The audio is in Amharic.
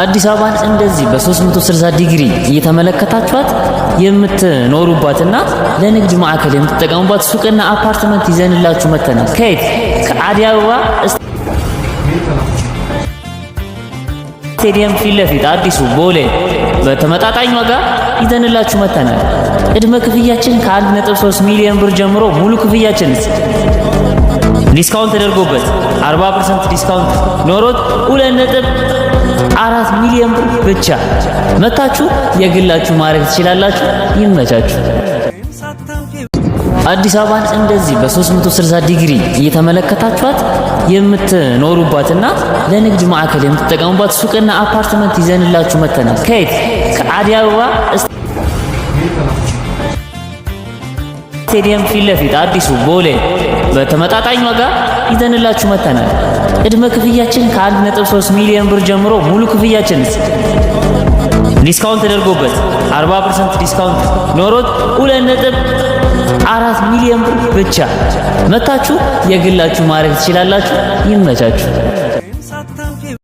አዲስ አበባን እንደዚህ በ360 ዲግሪ እየተመለከታችኋት የምትኖሩባትና ለንግድ ማዕከል የምትጠቀሙባት ሱቅና አፓርትመንት ይዘንላችሁ መተናል። ከየት ከአዲስ አበባ ስቴዲየም ፊት ለፊት አዲሱ ቦሌ በተመጣጣኝ ዋጋ ይዘንላችሁ መተናል። ቅድመ ክፍያችን ከ1.3 ሚሊዮን ብር ጀምሮ ሙሉ ክፍያችን ዲስካውንት ተደርጎበት 40% ዲስካውንት ኖሮት 2 አራት ሚሊዮን ብር ብቻ መታችሁ የግላችሁ ማድረግ ትችላላችሁ። ይመቻችሁ። አዲስ አበባን እንደዚህ በ360 ዲግሪ እየተመለከታችኋት የምትኖሩባትና ለንግድ ማዕከል የምትጠቀሙባት ሱቅና አፓርትመንት ይዘንላችሁ መተናል። ከየት ከአዲስ አበባ ስቴዲየም ፊት ለፊት አዲሱ ቦሌ በተመጣጣኝ ዋጋ ይዘንላችሁ መተናል። ቅድመ ክፍያችን ከ1.3 ሚሊዮን ብር ጀምሮ ሙሉ ክፍያችን ዲስካውንት ተደርጎበት 40% ዲስካውንት ኖሮት 2.4 ሚሊዮን ብር ብቻ መታችሁ የግላችሁ ማድረግ ትችላላችሁ። ይመቻችሁ።